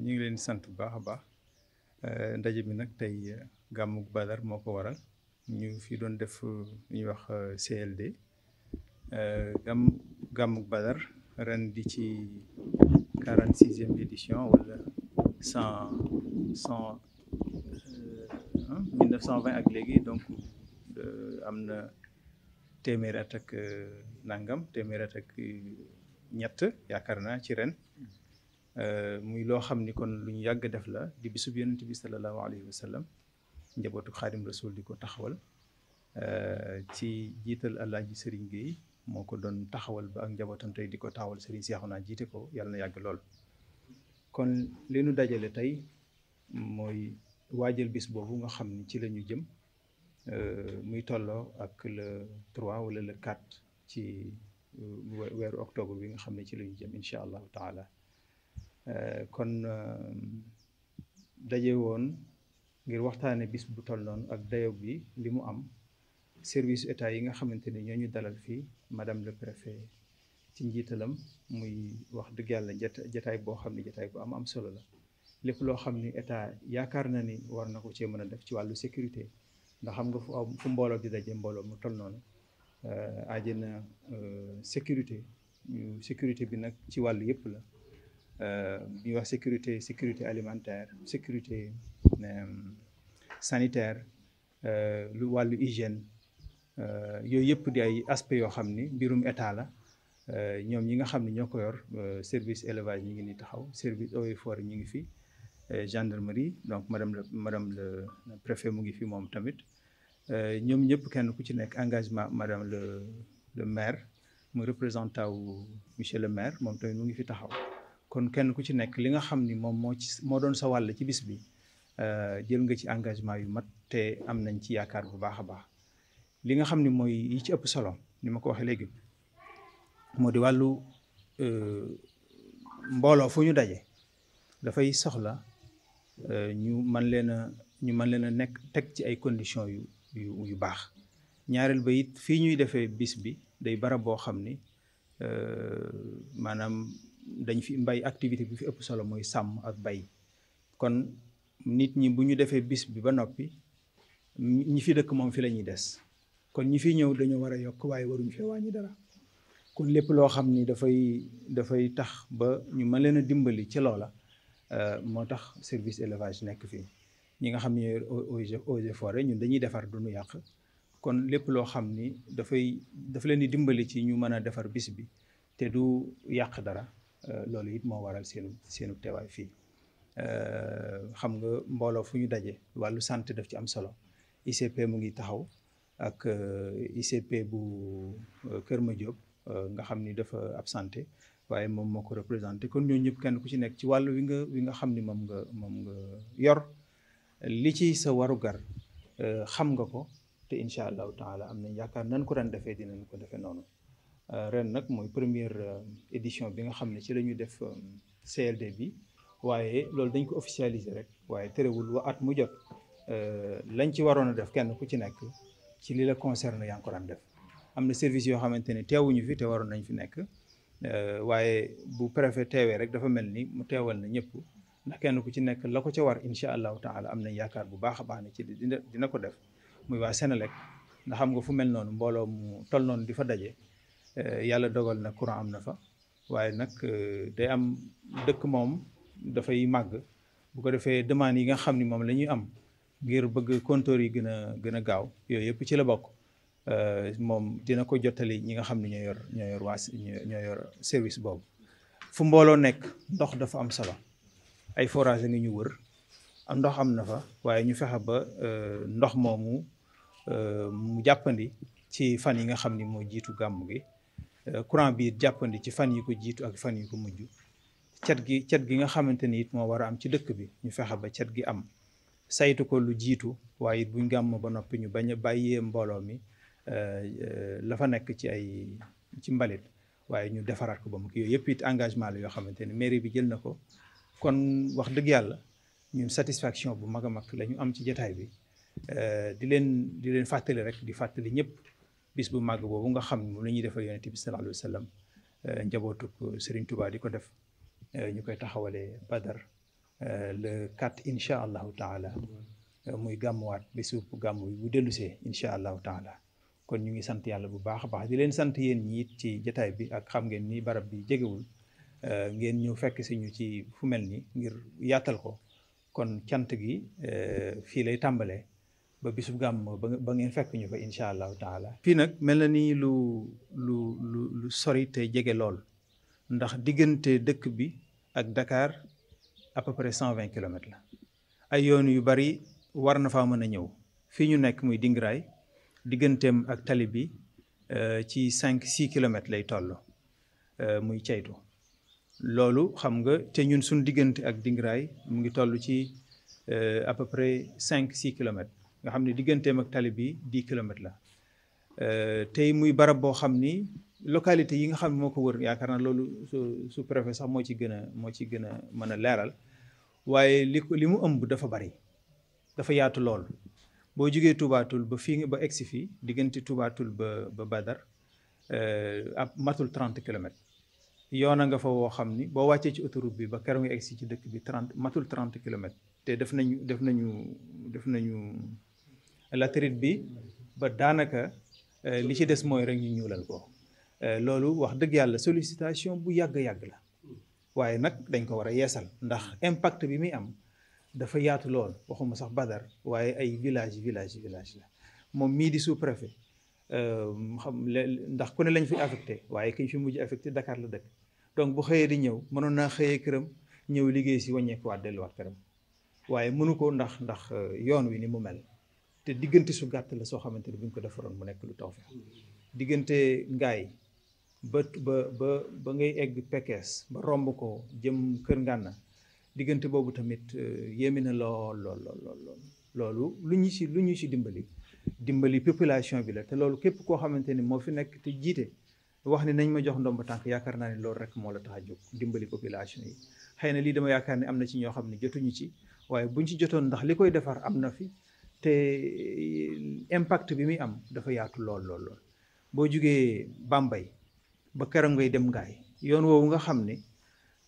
ñu ngi leen sant bu baax a baax euh, ndaje mi nag tey euh, gàmmug Badar moo ko waral ñu fi doon def euh, lu ñuy wax CLD gàmm gàmmug Badar ren di ci quarante sixième édition wala cent cent mille neuf cent vingt ak léegi donc am na téeméeri ak nangam téeméeri ak ñett yaakaar naa ci ren. Euh, muy loo xam ni kon lu ñu yàgg def la di bisub yonent bi sallallahu alayhi wa sallam njabootu xaadim rasul di ko taxawal euh, ci jiital alaaji sëriñ Gueye moo ko doon taxawal ba ak njabootam tey di ko taxawal sëriñ naa jiite ko yàlla na yàgg lool kon li dajale tey mooy waajal bis boobu nga xam ni ci la ñu jëm euh, muy tolloo ak le 3 wala le 4 ci weeru octobre bi nga xam ne ci la jëm incha allahu taala Euh, kon euh, daje woon ngir waxtaane bis bu toll noonu ak dayo bi li mu am service état yi nga xamante ni ñoo ñu dalal fii madame le préfet ci njiitalam muy wax dëgg yàlla jataay boo xam ne jataay bu am am solo la lépp loo xam ni état yaakaar na ni war na ko cee mën a def ci wàllu sécurité ndax xam nga fu am mbooloo di daje mbooloo mu toll noonu euh, aaje na sécurité sécurité bi nag ci wàllu yëpp la Euh, ñuy wax sécurité sécurité alimentaire sécurité euh, sanitaire euh, lu wàllu hygiène yooyu yëpp di ay aspects yoo xam ni mbirum état la ñoom ñi nga xam ne ñoo ko yor service élevage ñi ngi ni taxaw service eaux et forêt ñi ngi fi gendarmerie donc madame le préfet mu ngi fi moom tamit ñoom ñëpp kenn ku ci nekk engagement madame le le maire mu représentant wu monsieur le maire moom tamit mu ngi fi taxaw kon kenn ku ci nekk li nga xam ni moom moo ci moo doon sa wàll ci bis bi euh, jël nga ci engagement yu mat te am nañ ci yaakaar bu baax a baax li nga xam ni mooy yi ci ëpp solo ni ma ko waxee léegi moo di wàllu euh, mbooloo fu ñu daje dafay soxla euh, ñu man leen a ñu man leen a nekk teg ci ay conditions yu yu yu baax ñaareel ba it fii ñuy defee bis bi day barab boo xam ni maanaam dañ fi mbay activité bi fi ëpp solo mooy sàmm ak bay kon nit ñi bu ñu defee bis bi ba noppi ñi fi dëkk moom fi la ñuy des kon ñi fi ñëw dañoo war a yokk waaye waruñu fee wàññi dara kon lépp loo xam ni dafay dafay tax ba ñu mën leen a dimbali ci loola euh, moo tax service élevage nekk fii ñi nga xam ne eaux et forêts ñun dañuy defar du ñu yàq kon lépp loo xam ni dafay dafa leen di dimbali ci ñu mën a defar bis bi te du yàq dara Euh, loolu it moo waral seenu seenu teewaay fii euh, xam nga mbooloo fu ñu daje wàllu santé daf ci am solo ICP mu ngi taxaw ak euh, ICP bu Kër Madiop nga xam ni dafa ab absenté waaye moom moo ko représenté kon ñoo ñëpp kenn ku ci nekk ci wàllu wi nga wi nga xam ni moom nga moom nga yor li ci sa warugar xam nga ko te incha allahu taala am na yaakaar nan ko daan defee dinañ ko defee noonu Euh, ren nag mooy première euh, édition bi nga xam ne ci lañuy def euh, CLD bi waaye loolu dañ ko officialiser rek waaye terewul wa at mu jot lañ ci waroon a def kenn ku ci nekk ci li la concerne ko def am na service yoo xamante ne teewuñu fi te waroon nañ fi nekk waaye bu préfet teewee rek dafa mel ni mu teewal na ñëpp ndax kenn ku ci nekk la ko ca war incha allahu taala am nañ yaakaar bu baax a baax ne ci dina dina ko def muy waa senelek ndax xam nga fu mel noonu mbooloo mu toll noonu di fa daje. yàlla dogal na courant am na fa waaye nag euh, day am dëkk moom dafay màgg bu ko defee demande yi nga xam ni moom lañuy am ngir bëgg compteur yi gën a gën a gaaw yooyu yëpp ci la bokk euh, moom dina ko jottali ñi nga xam ne ñoo yor ñoo yor waa ñoo yor service boobu fu mbooloo nekk ndox dafa am solo ay forage ngi ñu wër ndox am na fa waaye ñu fexe ba euh, ndox moomu mu jàppandi ci fan yi nga xam ni moo jiitu gàmm gi Euh, courant bii jàppandi ci fan yi ko jiitu ak fan yi ko mujj cet gi cet gi nga xamante ni it moo war a am ci dëkk bi ñu fexe ba cet gi am saytu ko lu jiitu waaye it buñ gàmm ba noppi ñu bañ a bàyyee mbooloo mi euh, euh, la fa nekk ci ay ci mbalit waaye ñu defaraat ko ba mu kii yooyu yëpp it engagement la yoo xamante ni mairie bi jël na ko kon wax dëgg yàlla ñu satisfaction bu mag a mag lañu am ci jataay bi di leen di leen fàttali rek di fàttali ñëpp bis bu màgg boobu nga xam moom la ñuy defal yonent bi sallallahu alayhi wa sallam euh, njabootuk sëriñ Touba di ko def euh, ñu koy taxawalee Badar euh, le 4 incha allahu taala muy gàmmuwaat bi bisu gàmm bi bu dellusee incha allahu taala kon ñu ngi sant yàlla bu baax a baax di leen sant yéen ñi it ci jataay bi ak xam ngeen ni barab bi jegewul ngeen ñu fekk si ñu ci fu mel ni ngir yaatal ko kon cant gi fii lay tàmbalee. ba bisub gàmm ba ngeen fekk ñu fa incha allahu taala fii nag mel na nii lu lu lu lu sori te jege lool ndax diggante dëkk bi ak dakaar à peu kilomètres la ay yoon yu bari war na faa mën a ñëw fii ñu nekk muy Dingiraay digganteem ak tali bi euh, ci cinq six kilomètres lay toll euh, muy ceytu loolu xam nga te ñun suñu diggante ak Dingiraay mu ngi toll ci euh, à peu cinq six kilomètres nga xam ne digganteem ak tali bi dix kilomètres la euh, tey muy barab boo xam ni localité yi nga xam ne moo ko wër yaakaar naa loolu su su préfet sax moo ci gën a moo ci gën a mën a leeral waaye li li mu ëmb dafa bari dafa yaatu lool boo jógee tubaatul ba fii nga ba egsi fii diggante tubaatul ba ba Badar euh, ab matul trente kilomètres yoon a nga fa woo xam ni boo wàccee ci autoroute bi ba keroog nga egsi ci dëkk bi trente matul trente kilomètres te def nañu def nañu def nañu latérite bi ba daanaka euh, li ci des mooy rek ñu ñuulal ko euh, loolu wax dëgg yàlla sollicitation bu yàgg-yàgg la waaye nag dañ ko war a yeesal ndax impact bi muy am dafa yaatu lool waxuma sax Badar waaye ay village village village la moom mii di sous préfet euh, xam ndax ku ne lañ fi affecté waaye ki fi mujj affecté Dakar la dëkk donc bu xëyee di ñëw mënoon naa xëyee këram ñëw liggéey si wàññeekuwaat delluwaat këram waaye mënu ko ndax ndax yoon wi ni mu mel te diggante su gàtt la soo xamante ni bu ñu ko defaroon mu nekk lu taw feex diggante ngaay ba ba ba ngay egg Pekes ba romb ko jëm Kër Ngànna diggante boobu tamit euh, yéeme na lool lool loolu lu ñu si lu ñu si dimbali dimbali population bi la te loolu képp koo xamante ni moo fi nekk te jiite wax ne nañ ma jox ndomba tànk yaakaar naa ne loolu rek moo la tax a jóg dimbali population yi xëy na lii dama yaakaar ne am na ci ñoo xam ne jotuñu ci waaye buñ ndax li defar am na fi te eh, impact bi muy am dafa yaatu lool lool lool boo jugee Bambey ba keroog ngay dem ngaay yoon woowu nga xam ne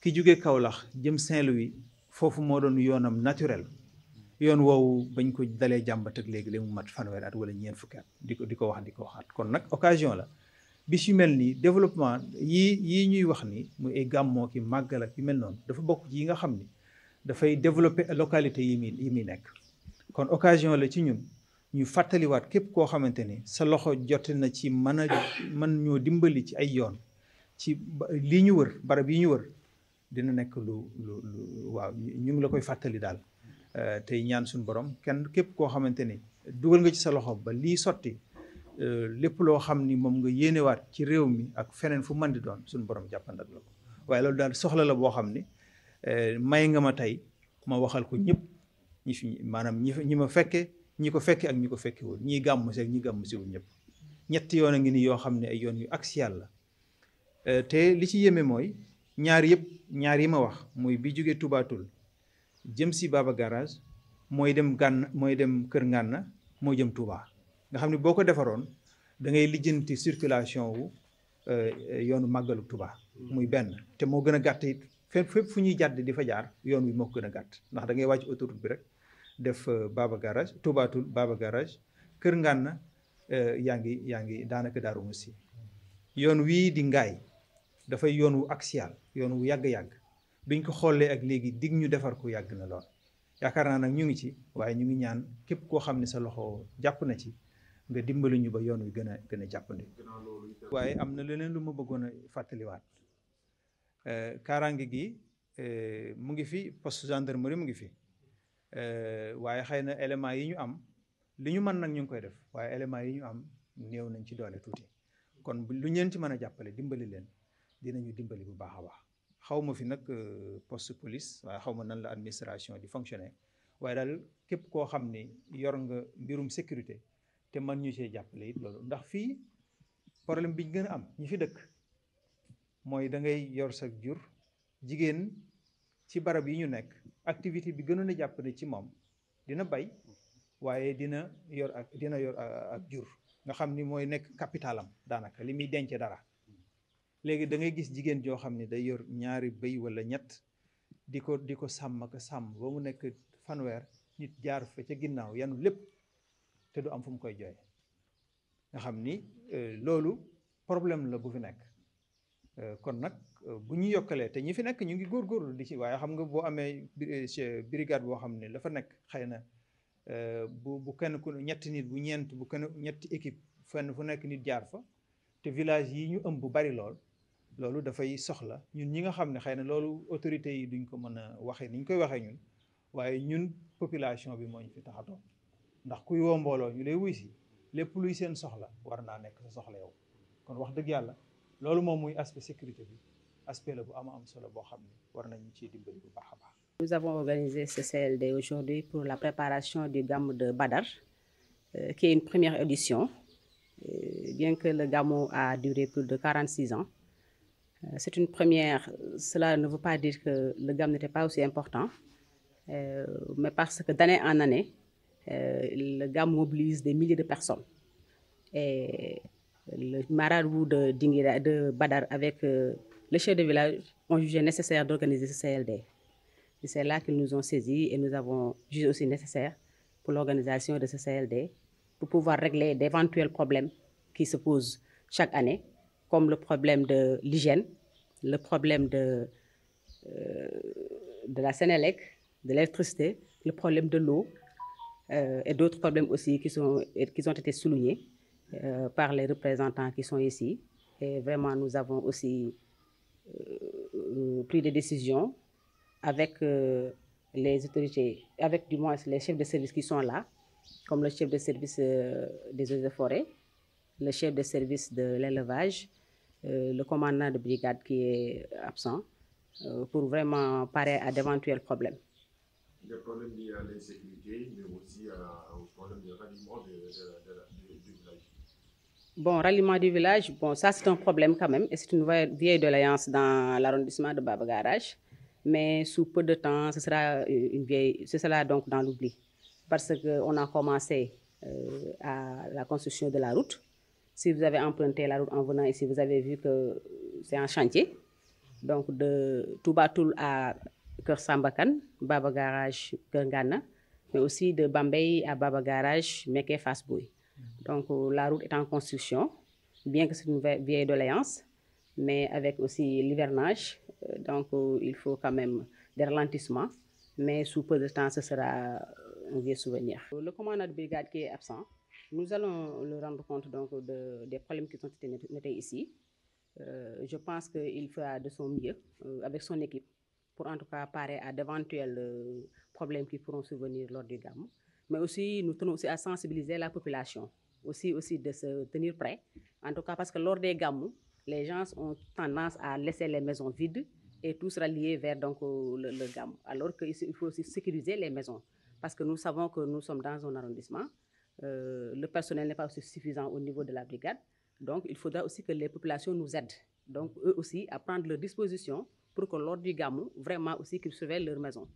ki jugee Kaolack jëm Saint-Louis foofu moo doon yoonam naturel yoon woowu bañ ko dalee jàmbat léegi léegi mu mat fanweer at wala ñeent fukki at di ko di ko wax di ko waxaat kon nag occasion la bi yu mel nii développement yii yii ñuy wax ni muy ay gàmmoo ki màggal ak yu mel noonu dafa bokk ci yi nga xam ni dafay développer localité yi mii yi muy nekk. kon occasion la ci ñun ñu fàttaliwaat képp koo xamante ne sa loxo jote na ci mën a mën ñoo dimbali ci ay yoon ci lii ñu wër barab yi ñu wër dina nekk lu lu lu waaw ñu ngi la koy fàttali daal euh, tey ñaan suñu borom kenn képp koo xamante ni dugal nga ci sa loxo ba lii sotti euh, lépp loo xam ni moom nga yéenewaat ci réew mi ak feneen fu mën di doon suñu borom jàppandal la ko waaye loolu daal soxla la boo xam ni euh, may nga ma tey ma waxal ko ñëpp. ñi fi maanaam ñi ñi ma fekke ñi ko fekke ak ñi ko fekke woon ñii gàmm si ak ñi gàmm siwul ñëpp ñetti yoon a ngi ni yoo xam ne ay yoon yu axial la euh, te li ci yéeme mooy ñaar yëpp ñaar yi ma wax mooy bi jógee tubaatul jëm si Baba Garage mooy dem gànn mooy dem kër ngànna moo jëm tubaa nga xam ne boo ko defaroon da ngay lijjanti circulation wu euh, yoonu màggalu tubaa mm. muy benn te moo gën a gàtt it fen fépp fu ñuy jàdd di fa jaar yoon wi moo gën a gàtt ndax da wàcc autoroute bi rek def euh, Baba garage Toubatul Baba garage Kër Ngana euh, yaa ngi yaa ngi daanaka Daaru Musi yoon wii di ngaay dafay yoon wu axial yoon wu yàgg-yàgg biñ ko xoolee ak léegi dig ñu defar ko yàgg na lool yaakaar naa nag ñu ngi ci waaye ñu ngi ñaan képp koo xam ne sa loxo jàpp na ci nga dimbali ñu ba yoon wi gën a gën a jàppandi waaye am na leneen lu ma bëggoon a fàttaliwaat Eh, kaaraange gi eh, mu ngi fi poste gendarmerie mu ngi fi eh, waaye xëy na éléments yi ñu am li ñu mën nag ñu ngi koy def waaye éléments yi ñu am néew nañ ci doole tuuti kon lu ñeen ci mën a jàppale dimbali leen dinañu dimbali bu baax a baax xaw ma fi nag post police waaye xaw ma nan la administration di fonctionner waaye daal képp koo xam ni yor nga mbirum sécurité te mën ñu see jàppale it loolu ndax fii problème bi ñu gën a am ñi fi dëkk mooy da ngay yor sa jur jigéen ci barab yi ñu nekk activité bi gënoon a jàpp ci moom dina bay waaye dina yor ak dina yor ak jur nga xam ni mooy nekk capitalam daanaka li muy denc dara léegi da ngay gis jigéen joo xam ne day yor ñaari bëy walla ñett di ko di ko sàmm ak sàmm ba mu nekk fanweer nit jaar fa ca ginnaaw yanu lépp te du am fu mu koy jooye nga xam ni euh, loolu problème la bu fi nekk Euh, kon nag euh, bu ñu yokkalee te ñi fi nekk ñu ngi góor góorgóorlu di ci waaye xam nga boo amee euh, brigade boo xam ne dafa nekk xëy na bu bu kenn ku ñett nit bu ñeent bu kenn ñetti équipe fenn fu nekk nit jaar fa te village yi ñu ëmb bu bari lool loolu dafay soxla ñun ñi nga xam ne xëy na loolu autorités yi duñ ko mën a waxee ni ñu koy waxee ñun waaye ñun population bi moo ñu fi taxatoo ndax kuy woo mbooloo ñu lay wuy si lépp luy seen soxla war naa nekk sa soxla yow loolu moom muy aspect sécurité bi aspect la bu am am solo boo xam ne war nañu ciy dimbali bu baax a baax. Nous avons organisé ce CLD pour la préparation du Gamou de Badar, euh, qui est une première édition. Euh, bien que le Gamou a duré plus de 46 ans, euh, c'est une première. Cela ne veut pas dire que le Gamou n'était pas aussi important, euh, mais parce que d'année en année, euh, le Gamou mobilise des milliers de personnes. le marabout de Dingira, de Badar avec euh, le chef de village ont jugé nécessaire d'organiser ce CLD. C'est là qu'ils nous ont saisis et nous avons jugé aussi nécessaire pour l'organisation de ce CLD pour pouvoir régler d'éventuels problèmes qui se posent chaque année, comme le problème de l'hygiène, le problème de, euh, de la Sénélec, de l'électricité, le problème de l'eau euh, et d'autres problèmes aussi qui, sont, qui ont été soulignés. Euh, par les représentants qui sont ici. Et vraiment, nous avons aussi euh, pris des décisions avec euh, les autorités, avec du moins les chefs de service qui sont là, comme le chef de service euh, des eaux et de service de l'élevage, le commandant de brigade qui est absent, pour vraiment parer à d'éventuels problèmes Bon, ralliement du village, bon, ça c'est un problème quand même, et c'est une vieille doléance dans l'arrondissement de Baba Garage. Mais sous peu de temps, ce sera, euh, une vieille, ce sera donc dans l'oubli. Parce qu'on a commencé euh, à la construction de la route. Si vous avez emprunté la route en venant ici, vous avez vu que c'est un chantier. Donc de Toubatoul à Kersambakan, Baba Garage, Kerngana, mais aussi de à Baba Garage, Meke Donc la route est en construction, bien que c'est une vieille doléance, mais avec aussi l'hivernage, euh, donc euh, il faut quand même des ralentissements, mais sous peu de temps, ce sera euh, un vieux souvenir. Le commandant de brigade qui est absent, nous allons le rendre compte donc, de, des problèmes qui ont été ici. je pense qu'il fera de son mieux euh, avec son équipe pour en tout cas parer à d'éventuels euh, problèmes qui pourront survenir lors du GAM. Mais aussi, nous tenons aussi à sensibiliser la population aussi, aussi de se tenir prêt. En tout cas, parce que lors des gamous, les gens ont tendance à laisser les maisons vides et tout sera lié vers donc, euh, le, le Alors qu'il faut aussi sécuriser les maisons. Parce que nous savons que nous sommes dans un arrondissement. Euh, le personnel n'est pas aussi suffisant au niveau de la brigade. Donc, il faudra aussi que les populations nous aident. Donc, eux aussi, à prendre leurs dispositions pour que lors du gamou, vraiment aussi qu'ils surveillent leur maison.